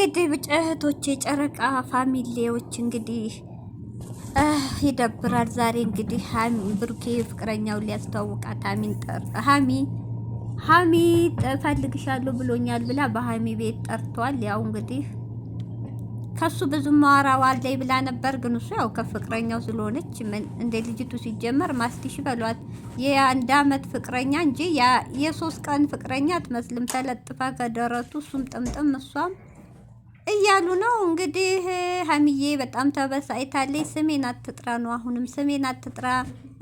እንግዲህ እህቶቼ ጨረቃ ፋሚሊዎች እንግዲህ ይደብራል። ዛሬ እንግዲህ ብሩኬ ፍቅረኛውን ሊያስተዋውቃት ሀሚን ጠር ሀሚ ሀሚ እፈልግሻለሁ ብሎኛል ብላ በሀሚ ቤት ጠርቷል። ያው እንግዲህ ከሱ ብዙ ማራዋል ላይ ብላ ነበር፣ ግን እሱ ያው ከፍቅረኛው ስለሆነች እንደ ልጅቱ ሲጀመር ማስቲሽ በሏት የአንድ አመት ፍቅረኛ እንጂ የሶስት ቀን ፍቅረኛ አትመስልም። ተለጥፋ ከደረቱ እሱም ጥምጥም እሷም እያሉ ነው እንግዲህ። ሀሚዬ በጣም ተበሳጭታለች። ስሜን አትጥራ ነው አሁንም ስሜን አትጥራ።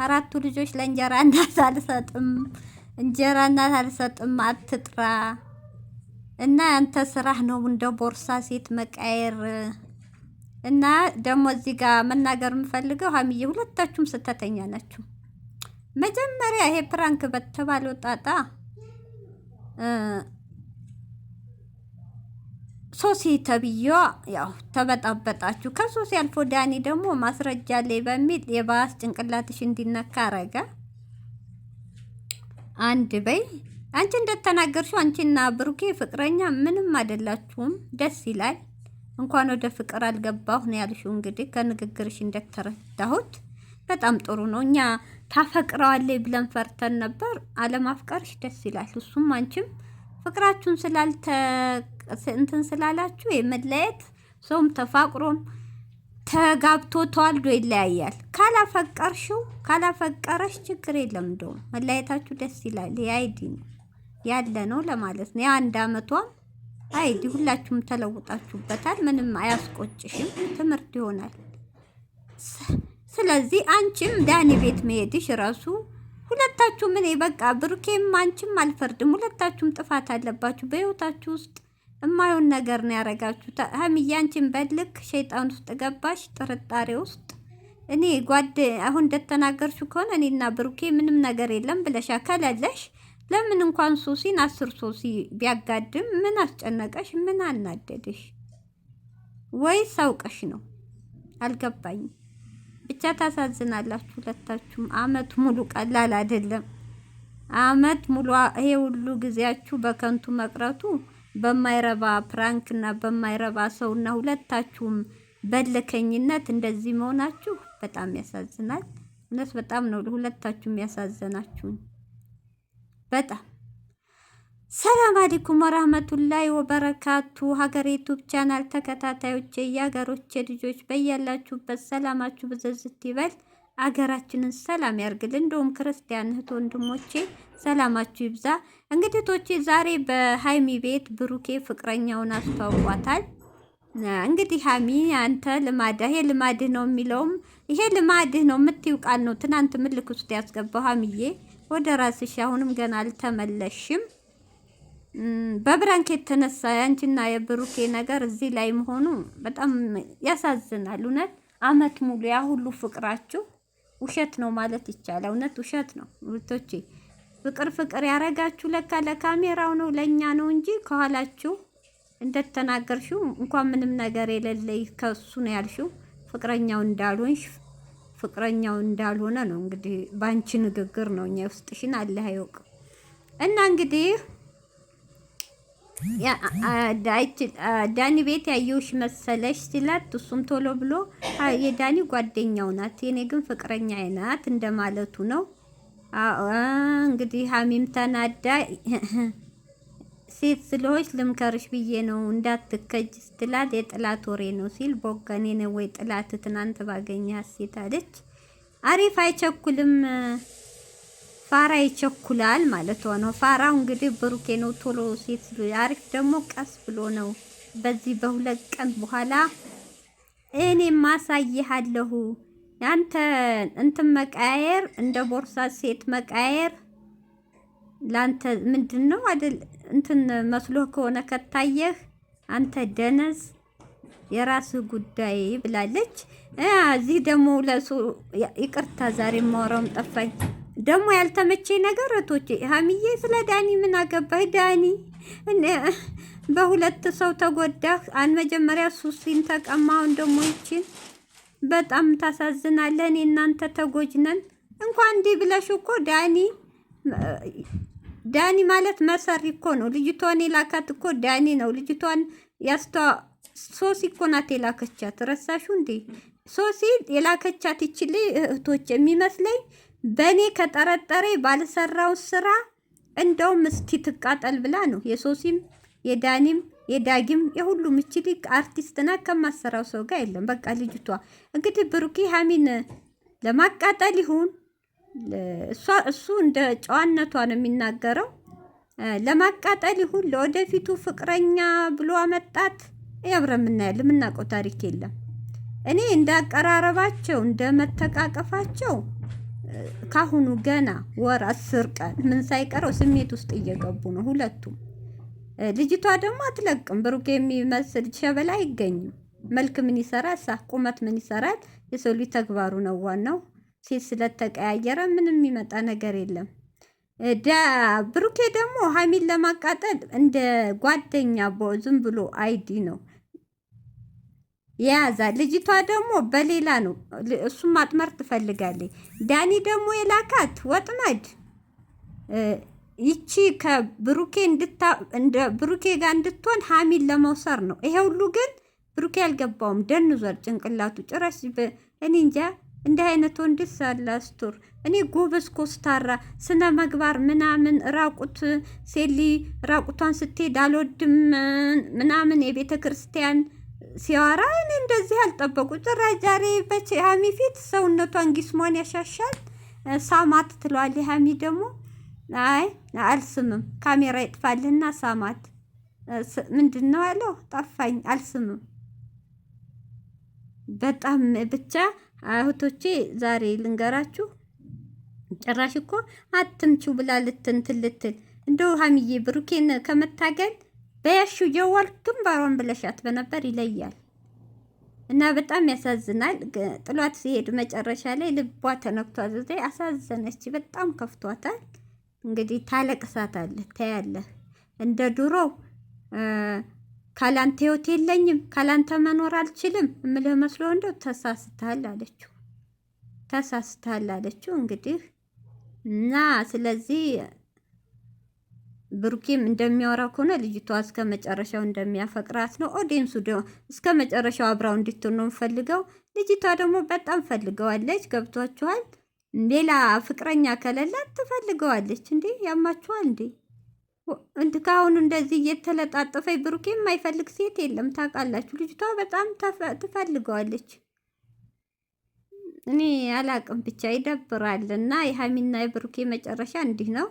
አራቱ ልጆች ለእንጀራ እናት አልሰጥም፣ እንጀራ እናት አልሰጥም፣ አትጥራ እና ያንተ ስራህ ነው እንደ ቦርሳ ሴት መቃየር። እና ደግሞ እዚህ ጋር መናገር የምፈልገው ሀሚዬ ሁለታችሁም ስተተኛ ናችሁ። መጀመሪያ ይሄ ፕራንክ በተባለው ጣጣ ሶሲ ተብዬዋ ያው ተበጣበጣችሁ። ከሶሲ አልፎ ዳኒ ደግሞ ማስረጃ ላይ በሚል የባስ ጭንቅላትሽ እንዲነካ አረገ። አንድ በይ አንቺ እንደተናገርሽው አንቺና ብሩኬ ፍቅረኛ ምንም አይደላችሁም። ደስ ይላል። እንኳን ወደ ፍቅር አልገባሁ ነው ያልሽው። እንግዲህ ከንግግርሽ እንደተረዳሁት በጣም ጥሩ ነው። እኛ ታፈቅረዋለች ብለን ፈርተን ነበር። አለማፍቀርሽ ደስ ይላል። እሱም አንቺም ፍቅራችሁን ስላልተ እንትን ስላላችሁ የመለየት ሰውም ተፋቅሮም ተጋብቶ ተዋልዶ ይለያያል። ካላፈቀርሽው ካላፈቀረሽ ችግር የለም። እንደውም መለያየታችሁ ደስ ይላል። የአይዲ ነው ያለ ነው ለማለት ነው። የአንድ አመቷም አይዲ ሁላችሁም ተለውጣችሁበታል። ምንም አያስቆጭሽም። ትምህርት ይሆናል። ስለዚህ አንቺም ዳኒ ቤት መሄድሽ ራሱ ሁለታችሁም እኔ በቃ ብሩኬም አንቺም አልፈርድም። ሁለታችሁም ጥፋት አለባችሁ። በህይወታችሁ ውስጥ እማየውን ነገር ነው ያደረጋችሁ ሀይሚዬ አንቺን በልክ ሸይጣን ውስጥ ገባሽ፣ ጥርጣሬ ውስጥ እኔ ጓደ አሁን እንደተናገርሽ ከሆነ እኔና ብሩኬ ምንም ነገር የለም ብለሽ ከለለሽ ለምን እንኳን ሶሲን አስር ሶሲ ቢያጋድም ምን አስጨነቀሽ? ምን አናደድሽ? ወይስ አውቀሽ ነው? አልገባኝም። ብቻ ታሳዝናላችሁ ሁለታችሁም። አመት ሙሉ ቀላል አይደለም። አመት ሙሉ ይሄ ሁሉ ጊዜያችሁ በከንቱ መቅረቱ በማይረባ ፕራንክ እና በማይረባ ሰው እና ሁለታችሁም በልከኝነት እንደዚህ መሆናችሁ በጣም ያሳዝናል። እውነት በጣም ነው ሁለታችሁም ያሳዘናችሁ በጣም ሰላም አለይኩም ወራህመቱላሂ ወበረካቱ። ሀገር ዩቱብ ቻናል ተከታታዮች፣ የሀገሮች ልጆች በያላችሁበት ሰላማችሁ ብዘዝት ይበል። አገራችንን ሰላም ያርግልን። እንደውም ክርስቲያን እህት ወንድሞቼ ሰላማችሁ ይብዛ። እንግዲህ ቶቼ ዛሬ በሀይሚ ቤት ብሩኬ ፍቅረኛውን አስተዋውቋታል። እንግዲህ ሀሚ አንተ ልማድህ ይሄ ልማድህ ነው የሚለውም ይሄ ልማድህ ነው የምትይው ቃል ነው። ትናንት ምልክ ውስጥ ያስገባው ሀሚዬ፣ ወደ ራስሽ አሁንም ገና አልተመለሽም። በብራንኬት ተነሳ ያንቺና የብሩኬ ነገር እዚህ ላይ መሆኑ በጣም ያሳዝናል። እውነት አመት ሙሉ ያ ሁሉ ፍቅራችሁ ውሸት ነው ማለት ይቻላል። እውነት ውሸት ነው ውቶቼ። ፍቅር ፍቅር ያረጋችሁ ለካ ለካሜራው ነው ለእኛ ነው እንጂ ከኋላችሁ እንደተናገርሽው እንኳን ምንም ነገር የሌለ ከሱ ነው ያልሽው ፍቅረኛው እንዳልሆንሽ ፍቅረኛው እንዳልሆነ ነው እንግዲህ በአንቺ ንግግር ነው እኛ ውስጥሽን አለ አይወቅም እና እንግዲህ ዳኒ ቤት ያየውሽ መሰለሽ ሲላት እሱም ቶሎ ብሎ የዳኒ ጓደኛው ናት የኔ ግን ፍቅረኛ ናት እንደማለቱ ነው። እንግዲህ ሀሚም ተናዳ ሴት ስለሆች ልምከርሽ ብዬ ነው እንዳትከጅ ስትላት የጥላት ወሬ ነው ሲል ቦጋኔ ነው ወይ ጥላት ትናንት ባገኛ ሴት አለች። አሪፍ አይቸኩልም ፋራ ይቸኩላል ማለት ነው። ፋራው እንግዲህ ብሩኬ ነው። ቶሎ ሴት አሪፍ ደግሞ ቀስ ብሎ ነው። በዚህ በሁለት ቀን በኋላ እኔ ማሳይሃለሁ። ያንተ እንትን መቃየር እንደ ቦርሳ ሴት መቃየር ላንተ ምንድን ነው አይደል? እንትን መስሎ ከሆነ ከታየህ አንተ ደነዝ የራስ ጉዳይ ብላለች። እዚህ ደግሞ ለሱ ይቅርታ፣ ዛሬ ማወራውም ጠፋኝ። ደግሞ ያልተመቼ ነገር እህቶቼ ሀሚዬ ስለ ዳኒ ምን አገባህ? ዳኒ በሁለት ሰው ተጎዳህ። አን መጀመሪያ ሱሲን ተቀማውን ደግሞ ይችን በጣም ታሳዝናለን። እናንተ ተጎጅነን እንኳን እንዲህ ብለሽ እኮ ዳኒ ዳኒ ማለት መሰሪ እኮ ነው። ልጅቷን የላካት እኮ ዳኒ ነው። ልጅቷን ያስተዋ ሶሲ እኮ ናት የላከቻት። ረሳሹ እንዴ? ሶሲ የላከቻት ይችል እህቶች የሚመስለኝ በእኔ ከጠረጠሬ ባልሰራው ስራ እንደውም እስቲ ትቃጠል ብላ ነው የሶሲም የዳኒም የዳጊም የሁሉም እችል አርቲስት ናት። ከማሰራው ሰው ጋር የለም። በቃ ልጅቷ እንግዲህ ብሩኪ ሀሚን ለማቃጠል ይሁን እሱ እንደ ጨዋነቷ ነው የሚናገረው። ለማቃጠል ይሁን ለወደፊቱ ፍቅረኛ ብሎ አመጣት። አብረን የምናያለን። የምናውቀው ታሪክ የለም። እኔ እንደ እንደ እንደመተቃቀፋቸው ካሁኑ ገና ወር አስር ቀን ምን ሳይቀረው ስሜት ውስጥ እየገቡ ነው ሁለቱም። ልጅቷ ደግሞ አትለቅም። ብሩክ የሚመስል ሸበላ አይገኝም። መልክ ምን ይሰራል? ሳ ቁመት ምን ይሰራል? የሰው ልጅ ተግባሩ ነው ዋናው። ሴት ስለተቀያየረ ምንም የሚመጣ ነገር የለም። ብሩኬ ደግሞ ሀሚን ለማቃጠል እንደ ጓደኛ ዝም ብሎ አይዲ ነው የያዛ ልጅቷ ደግሞ በሌላ ነው። እሱም ማጥመር ትፈልጋለች። ዳኒ ደግሞ የላካት ወጥመድ ይቺ ከብሩኬ ብሩኬ ጋር እንድትሆን ሀሚል ለመውሰር ነው። ይሄ ሁሉ ግን ብሩኬ አልገባውም። ደንዟል ጭንቅላቱ ጭራሽ። እኔ እንጃ እንዲህ አይነት ወንድስ አለ አስቱር። እኔ ጎበዝ ኮስታራ፣ ስነ መግባር ምናምን ራቁት ሴሊ ራቁቷን ስትሄድ አልወድም ምናምን የቤተ ክርስቲያን ሲያወራ እኔ እንደዚህ አልጠበቁ። ጭራሽ ዛሬ በቼ ሀሚ ፊት ሰውነቷን ጊስሟን ያሻሻል ሳማት ትለዋል። ሀሚ ደግሞ አይ አልስምም፣ ካሜራ ይጥፋልና ሳማት። ምንድን ነው ያለው? ጠፋኝ፣ አልስምም። በጣም ብቻ እህቶቼ ዛሬ ልንገራችሁ፣ ጭራሽ እኮ አትምቹ ብላ ልትን ትልትል እንደው ሀሚዬ ብሩኬን ከመታገል በያሹ ጀዋል ግንባሯን ብለሻት በነበር ይለያል እና በጣም ያሳዝናል። ጥሏት ሲሄድ መጨረሻ ላይ ልቧ ተነክቷል። እዚህ አሳዘነች፣ በጣም ከፍቷታል። እንግዲህ ታለቅሳታለህ፣ ታያለህ። እንደ ድሮ ካላንተ ህይወት የለኝም፣ ካላንተ መኖር አልችልም እምልህ መስሎ እንደው ተሳስተሃል አለችው። ተሳስተሃል አለችው እንግዲህ እና ስለዚህ ብሩኬም እንደሚያወራ ከሆነ ልጅቷ እስከ መጨረሻው እንደሚያፈቅራት ነው። ኦዲንሱ እስከ መጨረሻው አብራው እንድትሆን ነው ፈልገው። ልጅቷ ደግሞ በጣም ፈልገዋለች። ገብቷችኋል? ሌላ ፍቅረኛ ከሌላት ትፈልገዋለች። እንዴ ያማችኋል እንዴ? እንድ ከአሁኑ እንደዚህ እየተለጣጠፈ ብሩኬ የማይፈልግ ሴት የለም። ታውቃላችሁ፣ ልጅቷ በጣም ትፈልገዋለች። እኔ አላቅም ብቻ ይደብራል። እና የሀሚና የብሩኬ መጨረሻ እንዲህ ነው።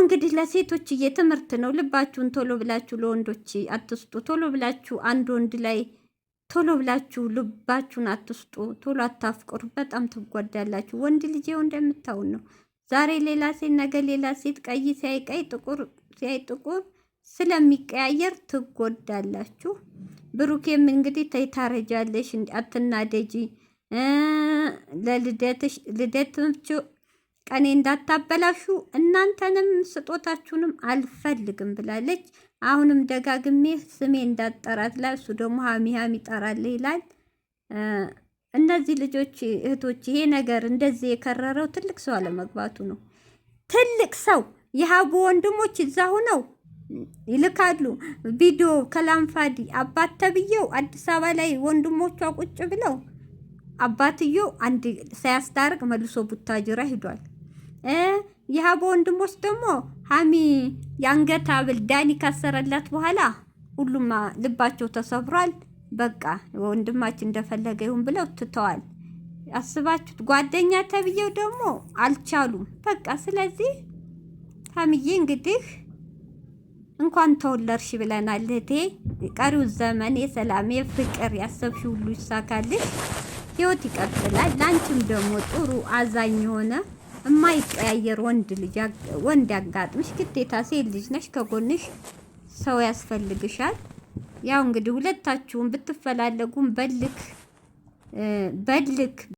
እንግዲህ ለሴቶች ትምህርት ነው። ልባችሁን ቶሎ ብላችሁ ለወንዶች አትስጡ። ቶሎ ብላችሁ አንድ ወንድ ላይ ቶሎ ብላችሁ ልባችሁን አትስጡ። ቶሎ አታፍቅሩ፣ በጣም ትጎዳላችሁ። ወንድ ልጅ እንደምታውን ነው። ዛሬ ሌላ ሴት፣ ነገ ሌላ ሴት፣ ቀይ ሲያይ ቀይ፣ ጥቁር ሲያይ ጥቁር ስለሚቀያየር ትጎዳላችሁ። ብሩኬም እንግዲህ ታረጃለሽ፣ አትናደጂ። ለልደትሽ ልደት ቀኔ እንዳታበላሹ እናንተንም ስጦታችሁንም አልፈልግም ብላለች። አሁንም ደጋግሜ ስሜ እንዳጠራት ላይ እሱ ደግሞ ሀሚ ሀሚ ይጠራል ይላል። እነዚህ ልጆች እህቶች፣ ይሄ ነገር እንደዚህ የከረረው ትልቅ ሰው አለመግባቱ ነው። ትልቅ ሰው የሀቡ ወንድሞች እዛ ሁነው ይልካሉ ቪዲዮ ከላንፋዲ አባት ተብዬው አዲስ አበባ ላይ ወንድሞቿ ቁጭ ብለው አባትዮ አንድ ሳያስታርቅ መልሶ ቡታጅራ ሂዷል። የሀቦ ወንድሞች ደግሞ ሀሚ የአንገት ሀብል ዳኒ ካሰረላት በኋላ ሁሉም ልባቸው ተሰብሯል። በቃ ወንድማችን እንደፈለገ ይሁን ብለው ትተዋል። አስባችሁት ጓደኛ ተብዬው ደግሞ አልቻሉም። በቃ ስለዚህ ሀሚዬ እንግዲህ እንኳን ተወለርሽ ብለናል እህቴ። ቀሪው ዘመን የሰላም የፍቅር ያሰብሽ ሁሉ ይሳካልሽ። ህይወት ይቀጥላል። ለአንቺም ደግሞ ጥሩ አዛኝ የሆነ የማይቀያየር ወንድ ልጅ ወንድ ያጋጥምሽ። ግዴታ ሴት ልጅ ነሽ፣ ከጎንሽ ሰው ያስፈልግሻል። ያው እንግዲህ ሁለታችሁም ብትፈላለጉም በልክ በልክ